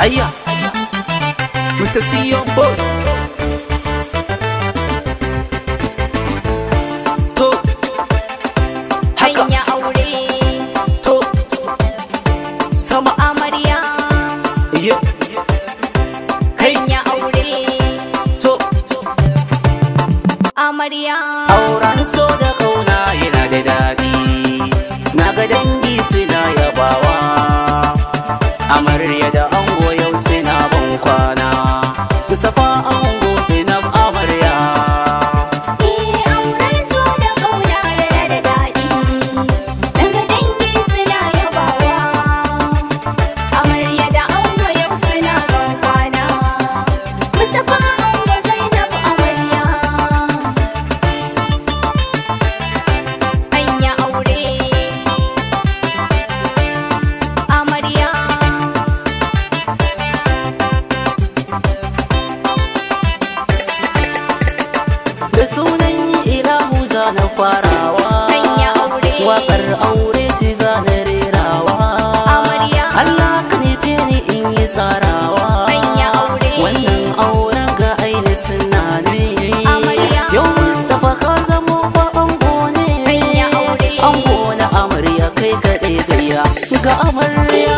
Aya, Mr. CEO Boy. To, To, sama. Amarya. To, amarya. Auren da kauna yana da daɗi. Na ga dangi suna yabawa. Amarya da zanen farawa waƙar aure ce zanen rerawa Allah ka nufe ni in yi tsarawa wannan auren ga aini suna ne yau mustapha ka zama fa ango ne ango na amarya kai kaɗai gaya ga amarya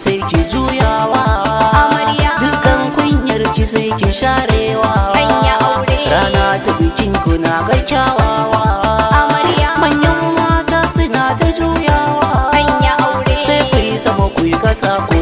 sai ki juyawa dukkan kunyar ki sai ki sharewa rana ta bikin ku na ga kyawawa manyan mata suna ta juyawa sai ku sama ku yi kasa ku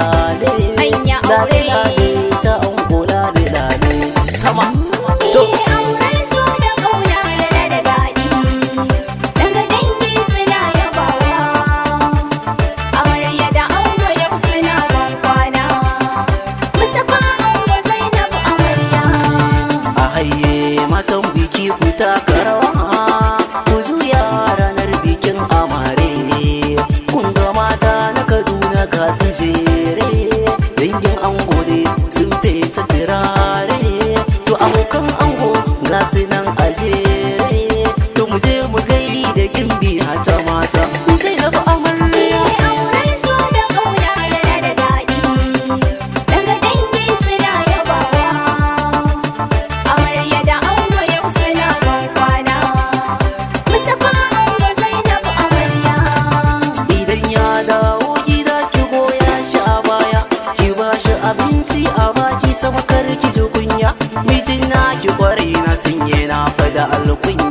dare ki kwarai na sinye na fada alkunya